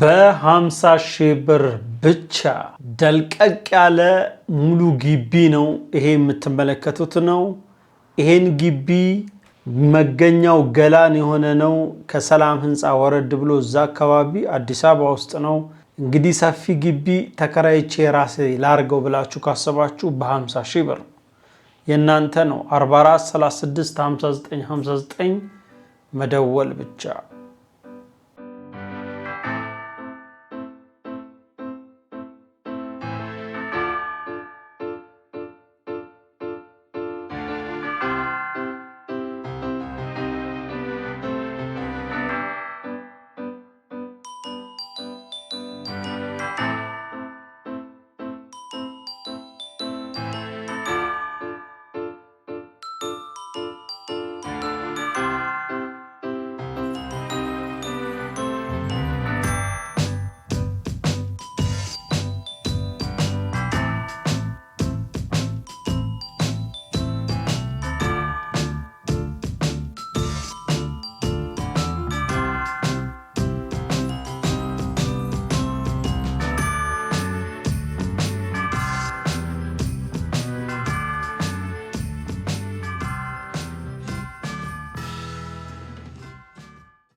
በ50 ሺህ ብር ብቻ ደልቀቅ ያለ ሙሉ ግቢ ነው። ይሄ የምትመለከቱት ነው። ይሄን ግቢ መገኛው ገላን የሆነ ነው። ከሰላም ህንፃ ወረድ ብሎ እዛ አካባቢ አዲስ አበባ ውስጥ ነው። እንግዲህ ሰፊ ግቢ ተከራይቼ ራሴ ላርገው ብላችሁ ካሰባችሁ በ50 ሺህ ብር የእናንተ ነው። 44 36 59 59 መደወል ብቻ